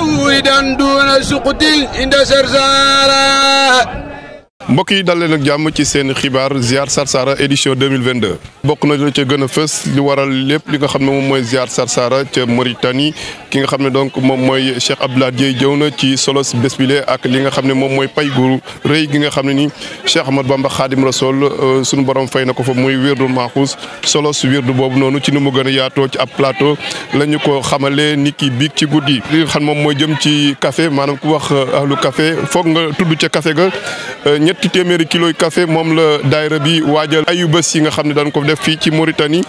مستوردا دون سقط عند سرسارا mbokk yi dal leen ak jàmm ci seen xibaar ziar Sarsara édition 2022 bokk na ca gën fës li waral lépp li nga xam ne moom mooy ziar Sarsara ca Mauritanie ki nga xam ne donc moom mooy Cheikh Abdoulaye Dieye jëw na ci solos bés bile ak li nga xam ne moom mooy pay gu rëy gi nga xam ne ni Cheikh Ahmad Bamba Khadim Rasoul euh, suñu borom fay na ko fa muy wirdu Maxuus solos wirdu boobu noonu ci nu mu gën a yaatoo ci ab plateau la ñu ko xamalee ni ki biig ci guddi li nga xam moom mooy jëm ci kafe maanaam ku wax euh, ahlu kafe foog nga tudd ca café ga Euh, ñetti téeméeri kiloy kafe moom la daayira bi waajal ayu bés yi nga xam ne daan ko def fii ci Mauritanie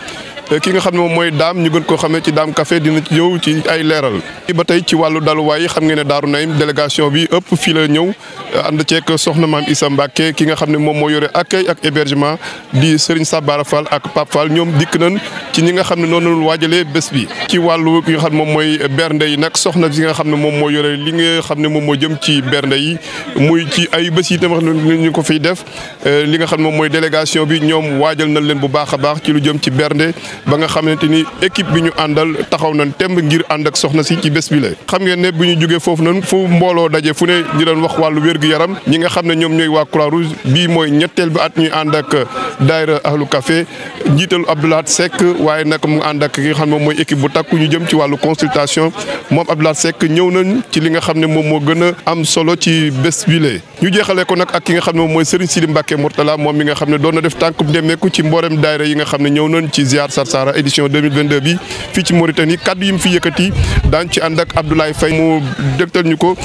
euh, ki nga xam ne moom mooy daam ñu gën koo xamee ci daam kafe dina ci ñëw ci ay leeral. ba tey ci wàllu daluwaay yi xam ngeen ne Daaru Naim délégation bi ëpp fii la ñëw euh, ànd ceeg soxna maam isa Mbacke ki nga xam ne moom moo yore accueil ak hébergement di Serigne Sabara Fall ak Pape Fall ñoom dikk nañ ci ni nga xam ne noonu la waajalee bés bi ci wàllu ki xam ne moom mooy bernde yi nag soxna si nga xam ne moom moo yore li nga xam ne moom moo jëm ci bernde yi muy ci ay bés yi tamit ñu ko fiy def eh, li nga xam ne moom mooy délégation bi ñoom waajal nañ leen bu baax a baax ci lu jëm ci bernde ba nga xamante ni équipe bi ñu àndal taxaw nañ temb ngir ànd ak soxna si ci bés bi la xam ngeen ne bu ñu jógee foofu noonu fu mbooloo daje fu ne di leen wax wàllu wér-gu-yaram ñi nga xam ne ñoom ñooy waa croix rouge bii mooy ñetteel bi at ñuy ànd ak daayra ahlu café njiital Abdoulahat Seck waaye nag mu ànd ak ki nga xam ne moom mooy équipe bu takku ñu jëm ci wàllu consultation moom Abdoulaye Seck ñëw nañ ci li nga xam ne moom moo gën a am solo ci bés bile. ñu jeexalee ko nag ak ki nga xam ne moom mooy Serigne Sidi Mbacke Mourtala moom mi nga xam ne doon na def tànkub demeeku ci mboolem daayira yi nga xam ne ñëw nañ ci ziar Sarsara édition 2022 bi fii ci Mauritanie kaddu yi mu fi yëkkati daan ci ànd ak Abdoulaye Faye mu dégtal ñu ko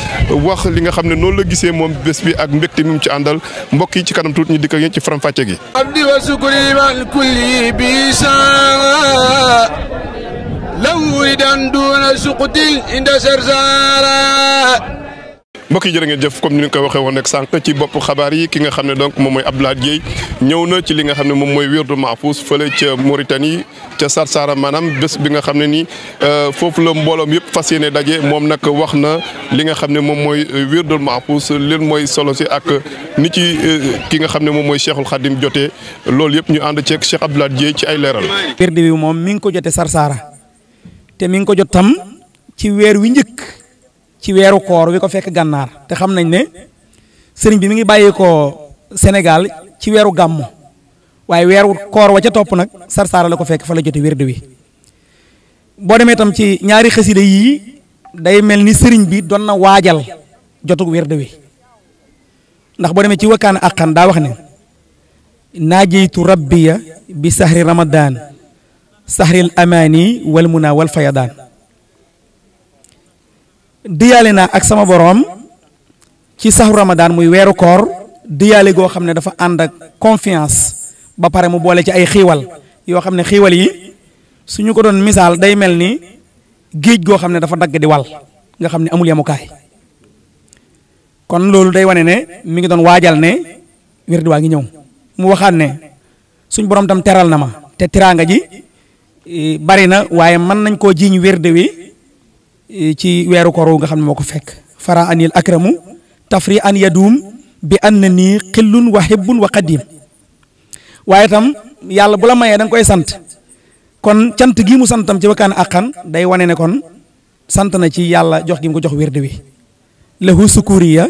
wax li nga xam ne noonu la gisee moom bés bi ak mbégte mi mu ci àndal mbokk yi ci kanam tuuti ñu dikk ak yéen ci gi لو دون سقط عند سرزارا mbokk yi jërë ngeen jëf comme ni ñu ko waxee woon rek sànq ci bopp xabaar yi ki nga xam ne donc moom mooy Abdoulaye Dieye ñëw na ci li nga xam ne moom mooy wirdu Mahfouz fële ca Mauritanie ca Sarsara maanaam bés bi nga xam ne nii euh, foofu la mbooloom yëpp fas yéene daje moom nag wax na li nga xam ne moom mooy wirdu Mahfouz leen mooy solo si ak ni ci euh, ki nga xam ne moom mooy Cheikhul Khadim jotee loolu yëpp ñu ànd ceeg Cheikh Abdoulaye Dieye ci ay leeral. wirdu bi moom mi ngi ko jotee Sarsara te mi ngi ko jot tam ci weer wi njëkk. ci weeru koor wi ko fekk gànnaar te xam nañ ne sëriñ bi mu ngi bàyyi ko Sénégal ci weeru gàmmu waaye weeru koor wa ca topp nag sarsaara la ko fekk fa la jote wérde wi boo demee tam ci ñaari xasida yii day mel ni sëriñ bi doon na waajal jotug wérde wi ndax boo demee ci wakkaan àqan daa wax ne naajeytu rabbiya bi sahri ramadan sahril amaani wal muna wal fayadaan diyaale naa ak sama boroom ci saxu Ramadan muy weeru koor diyaale goo xam ne dafa ànd ak confiance ba pare mu boole ci ay xiiwal yoo xam ne xiiwal yi su ñu ko doon misaal day mel ni géej goo xam ne dafa dagg di wal nga xam ne amul yemukaay kon loolu day wane ne mi ngi doon waajal ne wérdi waa ngi ñëw mu waxaat ne suñ boroom tam teral na ma te tiraanga ji eh, bari na waaye mën nañ koo jiiñ wérde wi ci weeru koor wu nga xam ne moo ko fekk fara anil akramu tafri an yaduum bi an na nii xillun wa hibbun wa qadim waaye itam yàlla bu la mayee danga koy sant kon cant gi mu santam ci wakkaan akkan day wane ne kon sant na ci yàlla jox gi mu ko jox wérde wi lahu sukuriya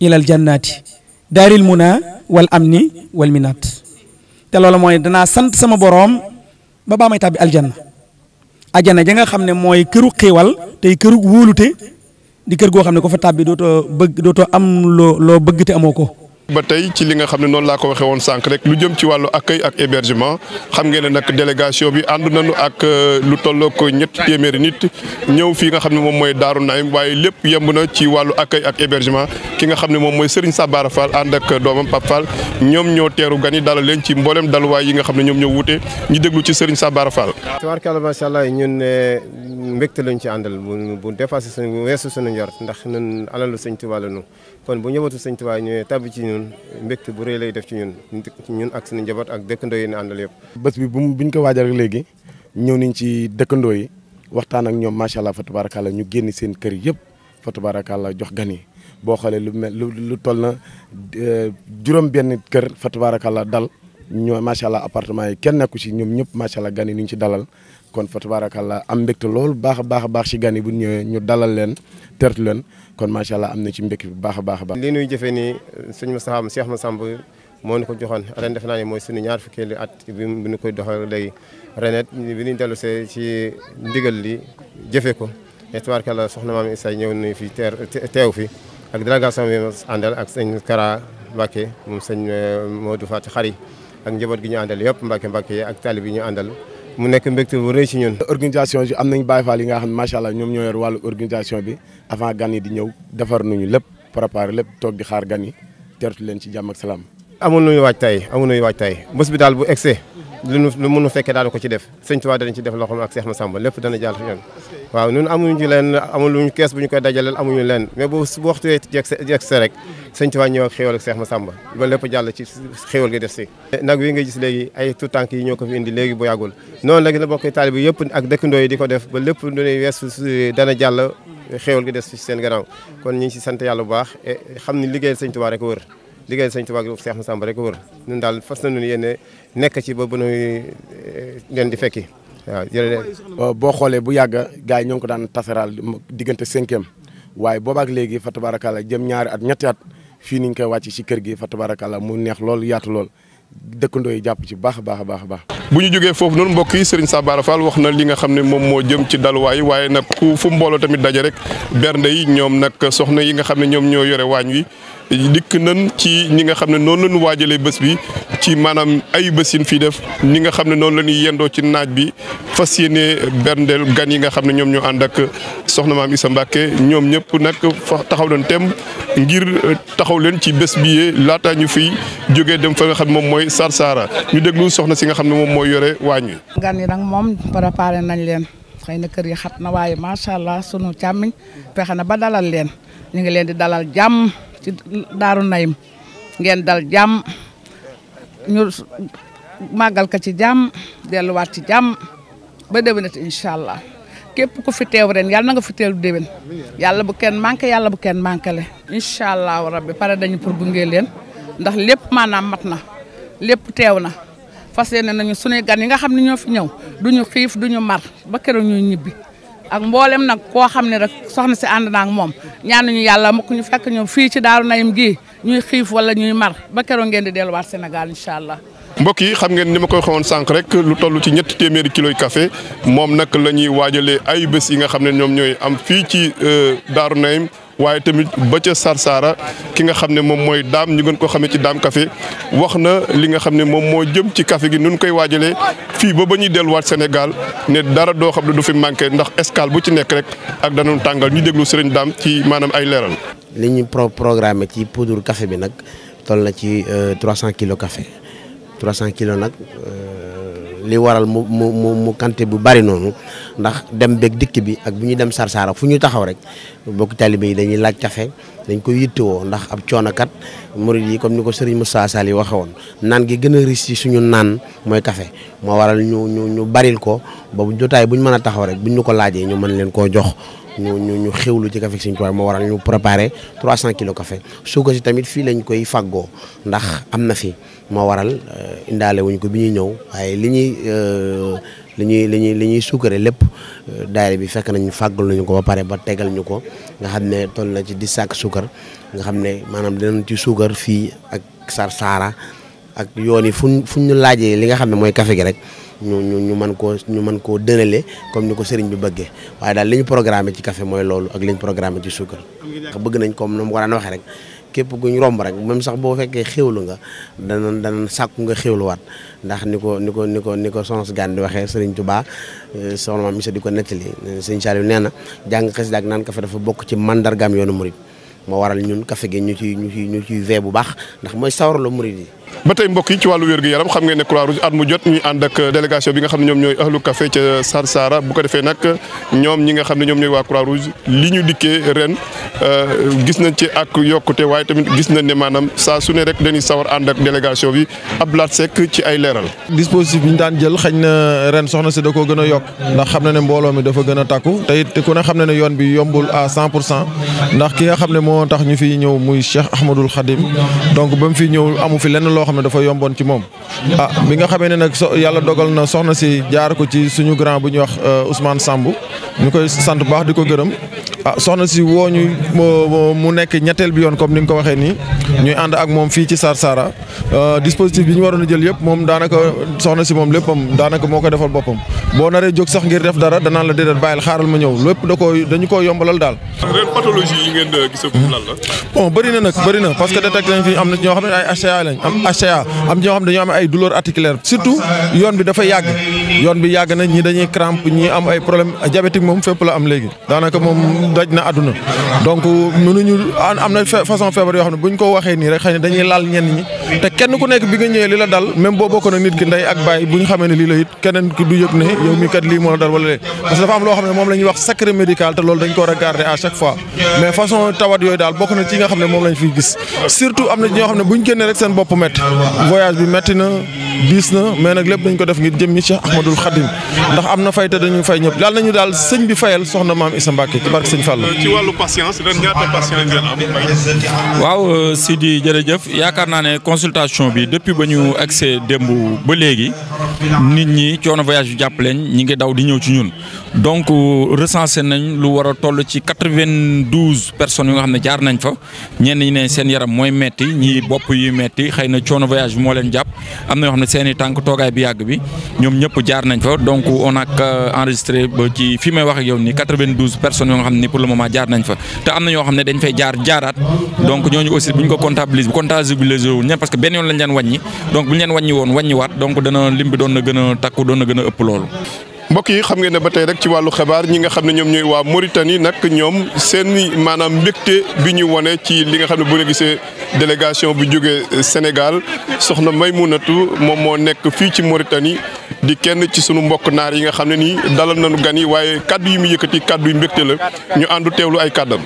ilal jannaati daaril muna wal amni wal minaat te loolu mooy danaa sant sama boroom ba baa may tàbbi aljanna ajana ja nga xam ne mooy këru xiiwal tey këru wóolute di kër goo xam ne ko fa tàbbi dootoo bëgg dootoo am loo loo bëgg te amoo ko ba tey ci li nga xam ne noonu laa ko waxee woon sànq rek lu jëm ci wàllu accueil ak hébergement xam ngeen ne nag délégation bi ànd nañu ak euh, lu tolloo ko ñetti téeméeri nit ñëw fii nga xam ne moom mooy Daaru Naim waaye lépp yemb na ci wàllu accueil ak hébergement ki nga xam ne moom mooy Serigne Sabara Fall ànd ak doomam Pape Fall ñoom ñoo teeru gan yi dalal leen ci mboolem daluwaay yi nga xam ne ñoom ñoo wuute ñu déglu ci Serigne Sabara Fall. tubaarkalla macha allah ñun euh, mbégte lañ ci àndal bu bu dépassé suñu weesu ndax ñun alalu Sëñ Tuubaa la ñu kon bu njabootu sëñ Tuubaa ñëwee tàbbi ci ñun mbégte bu rëy lay def ci ñun ñun ak suñu njaboot ak dëkkandoo yi ñu àndal yëpp. bés bi bu biñ ko waajal léegi ñëw nañ ci dëkkandoo yi waxtaan ak ñoom macha allah fa ñu génn seen kër yëpp fa tabaarakàlla jox gani boo xoolee lu mel lu toll na euh, juróom-benn kër fa tabaarakàlla dal ñoo macha apartement yi kenn nekku ci ñoom ñëpp macha allah gan yi ci dalal kon fa tabaarakàllaa am mbégte loolu baax a baax a baax ci gan yi bu ñëwee ñu dalal leen tertu leen kon macha allah am na ci mbégte bu baax baax a baax. li nuy jëfee nii sëñ seex Cheikh Massamba moo ñu ko joxoon ren def naa ne mooy suñu ñaar fukkeeli at bi nu koy doxal léegi ren it bi ñu dellu see ci ndigal li jëfe ko tabaarakàllaa soxna maam Issa ñëw nañu fi teer teew fi ak délégation bi ma àndal ak sëñ Kara Mbacke moom sëñ euh, Modou Fatou Khary ak njaboot gi ñu àndal yëpp Mbacke Mbacke ak taalib yi ñu àndal mu nekk mbégte bu rëy ci ñun. organisation bi am nañ Baye Fall yi nga xam ne macha allah ñoom ñoo yor wàllu organisation bi avant gan di ñëw defar nañu lépp préparé lépp toog di xaar gani yi tertu leen ci jàmm ak salaam. amul lu ñu waaj tey amul lu waaj tey bés bi daal bu egsee lu lu nu fekkee daal ko ci def sëñ Tuubaa danañ ci def loxoom ak Seex Masamba lépp dana jàll yoon waaw ñun amuñu leen amuñu kees bu ñu koy dajaleel amuñu leen mais bu bu waxtu wee jeeg se rek sëñ Tuubaa ñëw ak xéwal ak Seex Masamba ba lépp jàll ci xéwal gi def si nag wi nga gis léegi ay tout tànk yi ñoo ko fi indi léegi bu yàggul noonu nag la bokk taalibe bi yëpp ak dëkkandoo yi di ko def ba lépp lu ñuy weesu dana jàll xéwal gi des ci seen gannaaw kon ñi ngi si sant yàlla bu baax xam ni liggéeyal sëñ Tuubaa rek wër liggéeyal sëñ Tuubaa Seex Masamba rek wër ñun daal fas nañu yéene nekk ci ba bu nuy eh, leen di fekki waaw boo xoolee bu yàgg gaa yi ñoo ngi ko daan tasaraal diggante cinquième waaye boobaak léegi fa tabaarakàlla jëm ñaari at ñetti at fii ni ñu koy wàcc ci kër gi fa tabaarakàlla mu neex lool yaatu lool dëkkandoo yi jàpp ci baax a baax baax a baax. bu ñu jógee foofu noonu mbokk yi Serigne Sabara Fall wax na li nga xam ne moom moo jëm ci daluwaay waaye nag ku fu mbooloo tamit daje rek bernde yi ñoom nag soxna yi nga xam ne ñoom ñoo yore waañ wi dikk nan ci ñi nga xam ne noonu la ñu waajalee bés bi ci maanaam ay bés yin fi def ñi nga xam ne noonu la ñuy yendoo ci naaj bi fas yéene berndeel gan yi nga xam ne ñoom ñu ànd ak soxna maam Issa Mbacke ñoom ñëpp nag fa taxaw leen tem ngir euh, taxaw leen ci bés bi laata ñu fi jógee dem fa nga xam moom mooy Sarsara ñu déglu soxna si nga xam ne moom mooy yore waañ wi. gan yi nag moom préparé nañ leen xëy na kër yi xat na waaye macha allah sunu càmmiñ fexe na ba dalal leen ñu ngi leen di dalal jàmm. ci daaru Naim ngeen dal jàmm ñu màggal ko ci jàmm delluwaat ci jàmm ba ti incha allah képp ku fi teew ren yàlla na nga fi teew déwén yàlla bu kenn manqué yàlla bu kenn manqué le incha allah rabbi pare dañu pour gunge leen ndax lépp maanaam mat na lépp teew na fas yéene nañu sunuy gan yi nga xam ne ñoo fi ñëw duñu xiif duñu mar ba keroog ñuy ñibbi. ak mboolem nag koo xam ne rek soxna si ànd naa ak moom ñaan nañu yàlla mukk ñu fekk ñoom fii ci Daaru Nayim gii ñuy xiif wala ñuy mar ba keroog ngeen di delluwaat Sénégal incha allah. mbokk yi xam ngeen ni ma koy xawoon sànq rek lu toll ci ñett téeméeri kiloy kafe moom nag la ñuy waajalee ay bés yi nga xam ne ñoom ñooy am fii ci euh, Daaru Naim waaye tamit ba ca Sarsara ki nga xam ne moom mooy daam ñu gën ko xamee ci daam café wax na li nga xam ne moo jëm ci café gi nun koy waajalee fii ba ba ñuy delluwaat Sénégal ne dara doo xam ne du fi manqué ndax escale bu ci nekk rek ak danoon tàngal ñu déglu sëriñ daam ci maanaam ay leeral. li ñu pro programme ci poudre kafe bi nag toll na ci 300 euh, kilos café. 300 kilos nag euh, li waral mu mu mu mu bu bari noonu ndax dem beeg dikk bi ak bu ñu dem Sarsara fu ñu taxaw rek bokk talibé yi dañuy laaj café dañ ko woo ndax ab coonokat murid yi comme ni ko Serigne Moussa Sall yi waxe woon naan gi gën a riche su suñu naan mooy kafe moo waral ñu ñu ñu baril ko ba bu jotaay bu ñu mën a taxaw rek bu ñu ko laajee ñu mën leen koo jox ñu ñu ñu xewlu ci café Sëñ Tuubaa moo waral ñu préparé 300 kilos café suukar si tamit fii lañ koy faggoo ndax am na fi moo waral euh, indaale wuñ ko bi ñuy ñëw waaye li ñuy euh, li ñuy li ñuy li ñuy suukaree lépp euh, daayira bi fekk nañu lu ñu ko ba pare ba tegal ñu ko nga xam ne toll na ci di sacs suukar nga xam ne maanaam dinañ ci suukar fii ak sar saara ak yoon yi fuñ fuñ ñu laajee li nga xam ne mooy kafe gi rek ñu ñu ñu mën koo ñu mën koo dënale comme ni ko sëriñ bi bëggee waaye daal li ñu programmé ci kafe mooy loolu ak li ñu programmé ci suukar bëgg nañ comme ni mu ko daan waxee rek képp guñ romb rek même sax boo fekkee xéwlu nga danañ danañ sàkku nga xéwluwaat ndax ni ko ni ko ni ni ko sons gan di waxee sëriñ Tuubaa euh, soxna maam Isa di ko nettali euh, sëriñ Saliou nee na jàng ak naan café dafa bokk ci mandargaam yoonu murid moo waral ñun café gi ñu ci ñu ci ñu ciy bu baax ndax mooy sawarlu murid yi ba tey mbokk yi ci wàllu wér gu yaram xam ngeen ne Croix Rouge at mu jot ñuy ànd ak nag ñoom ñi nga xam ne ñoom ñooy waa Croix Rouge li ñu dikkee ren euh, gis nañ ci ak yokkute waaye tamit gis nañ ne maanaam saa su ne rek dañuy sawar ànd ak délégation bi Abdoulaye Seck ci ay leeral. dispositif bi ñu daan jël xëy na ren soxna si koo gën a yokk ndax xam na ne mbooloo mi dafa gën a te it ku ne xam na ne yoon bi yombul à 100 pour cent ndax ki nga xam ne moo tax ñu fiy ñëw muy Cheikh Ahmadoul Khadim donc ba mu fi ñëw amu fi lenn loo xam ne dafa yomboon ci moom ah bi nga xamee ne nag so yàlla dogal na soxna si jaar ko ci suñu grand bu ñuy wax euh, Ousmane sàmb ñu koy sant baax di ko gërëm ah soxna si woo ñu mu nekk ñetteel bi yoon comme ni nga ko waxee nii ñuy ànd ak moom fii ci Sarsara euh, dispositif bi ñu waroon a jël yëpp moom daanaka soxna si moom léppam daanaka moo ko defal boppam boo naree jóg sax def dara danaan la déedéet bàyyil xaaral ma ñëw lépp da koo dañu koo yombalal daal. ren euh, bëri na nag bëri na parce que détecté nañ fi am na ñoo xam ne ay HCA lañ am HCA xam ne am ay douleur articulaire surtout yoon bi dafa yàgg yoon bi yàgg na ñi dañuy crampe ñi am ay problème diabétique moom fépp la am léegi daanaka moom daj na àdduna ko waxee nii rek xëy chaque fois mais façon tawat yooyu daal bokk na ci nga xam ne moom lañ fiy gis surtout am na ñoo xam ne bu génnee rek seen bopp métti voyage bi métti na diis na mais nag lépp dañ ko def ngir jëm ñi Cheikh Ahmadoul ndax am na fay te dañu fay ñëpp yàlla nañu daal sëñ bi fayal soxna maam Issa Mbacke ci barke sëñ Fall. Euh, ci wàllu patience ren ñaata euh, yaakaar naa ne consultation bi depuis ba ñu accès démb ba léegi nit ñi coono voyage yu jàpp leen ñi ngi daw di ñëw ci ñun. donc euh, recensé nañ lu war a toll ci quatre-vingt-douze personnes yu nga xam ne jaar nañ fa ñenn ñi ne seen yaram mooy metti ñi bopp yuy metti xëy na coono voyage bi moo leen jàpp am na yoo xam ne seen i tànk toogaay bi yàgg bi ñoom ñëpp jaar nañ fa donc on a enregistré ci fi may wax ak yow nii quatre nga xam ne pour le moment jaar nañ fa te am na ñoo xam ne dañ fay jaar jaaraat donc ñooñu aussi bu ko comptabilise bu comptabilise wul ñe parce que benn yoon lañ leen wàññi donc bu ñu leen wàññi woon wàññiwaat donc dana lim doon na gën a takku doon na gën a ëpp loolu mbokk yi xam ngeen ne ba tey rek ci wàllu xibaar ñi nga xam ne ñoom ñooy waa Mauritanie nag ñoom seen maanaam mbégte bi ñu wone ci li nga xam ne bu la gisee délégation bu jógee Sénégal soxna Maymunatu moom moo nekk fii ci Mauritanie di kenn ci sunu mbokk naar yi nga xam ne nii dalal nañu gan yi waaye kaddu yi mu yëkkati kaddu yu mbégte la ñu àndu teewlu ay kàddam.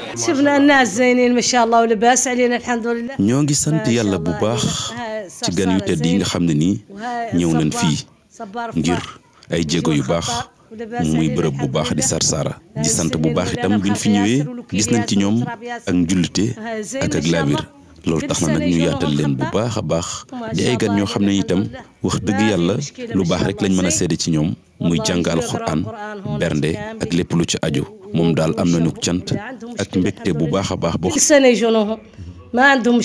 ñoo ngi sant yàlla bu baax ci gan yu tedd yi nga xam ne nii ñëw nañ fii ngir ay jéego yu baax. muy bërëb bu baax di Sarsara di sant bu baax itam biñ fi ñëwee gis nañ ci ñoom ak njullite ak ak laabir loolu tax na nag ñu yaatal leen bu baax a baax di ay gan ñoo xam ne itam wax dëgg yàlla lu baax rek lañ mën a seede ci ñoom muy jàng alxuraan bernde ak lépp lu ci ajo moom daal am nañu cant ak mbégte bu baax a baax boo ma antum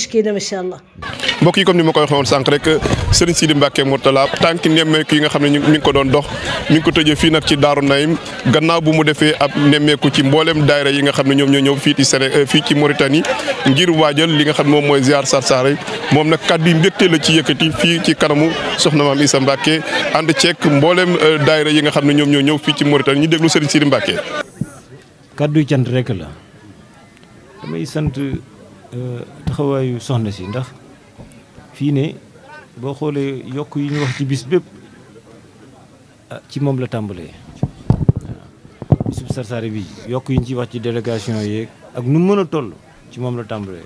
mbokk yi comme ni ma koy waxee woon sànq rek Serigne Sidi Mbacke Mourtala tànki nemmeeku yi nga xam ne ñu ngi ko doon dox ñu ngi ko tëjee fii nag ci Daaru Naim gannaaw bu mu defee ab nemmeeku ci mboolem daayira yi nga xam ne ñoom ñoo ñëw fii ci Séné euh, fii ci Mauritanie ngir waajal li nga xam ne moom mooy ziar Sarsara moom nag kàddu yi mbégte la ci yëkkati fii ci kanamu soxna maam Issa Mbacke ànd ceeg mboolem euh, daayira yi nga xam ne ñoom ñoo ñëw fii ci Mauritanie ñu déglu Serigne Sidi Mbacke. kàddu cant rek la damay sant Euh, taxawaayu soxna si ndax fii ne boo xoolee yokk yi ñu wax ci bis bépp ah, ci moom la tàmbalee waaw bisub sarsaare bi yokk yi ñu ciy wax ci délégation yeeg ak nu mën a toll ci moom la tàmbalee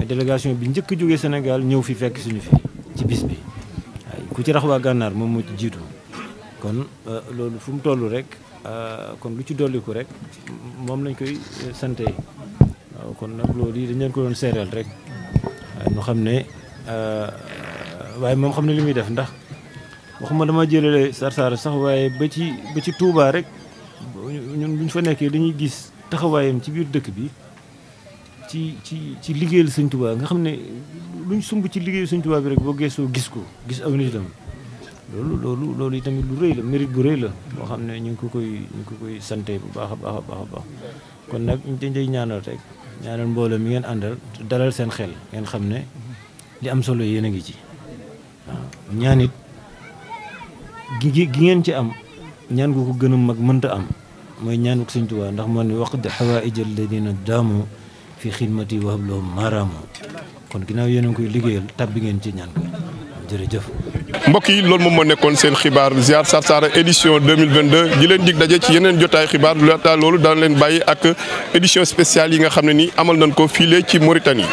mais délégation bi njëkk jóge Sénégal ñëw fi fekk suñu fi ci bis bi ku ci raxwaa gànnaar moom moo ci jiitu kon euh, loolu fu mu toll rek euh, kon lu ci dolliku rek moom lañ koy sante kon nag loolu yi dañ ko doon seereel rek waaye ñu xam ne euh, waaye moom xam ne li muy def ndax ma dama jëlale Sarsara sax waaye ba ci ba ci tuubaa rek ñun buñ fa nekkee dañuy gis taxawaayam ci biir dëkk bi ci ci ci liggéeyal sëñ Touba nga xam ne luñ sumb ci liggéeyal sëñ Touba bi rek boo geesoo gis ko gis aw nitam loolu loolu loolu yi tamit lu rëy la mérite bu rëy la boo xam ne ñu ngi ko koy ñu koy sante bu baax a baax a baax a baax kon nag ñu dañ ñaanal mboole mi ngeen àndal dalal seen xel ngeen xam ne li am solo yéen a ngi ci ñaanit gi gi gi ngeen ci am ñaan gu ko gën a mag mënta am mooy ñaan ak Sëñ Tuubaa ndax moo ne waqdi xawaaija alladina daamu fi xidmati wa hablahum maaraamu kon ginnaaw yéen a ngi koy liggéeyal tab bi ngeen ci ñaan ko jërëjëf mbokk yi loolu moom moo nekkoon seen xibaar ziar Sarsara édition 2022 di leen dig daje ci yeneen jotaay xibaar lu laata loolu daan leen bàyyi ak édition spéciale yi nga xam ne ni amal nañ ko fii ci Mauritanie.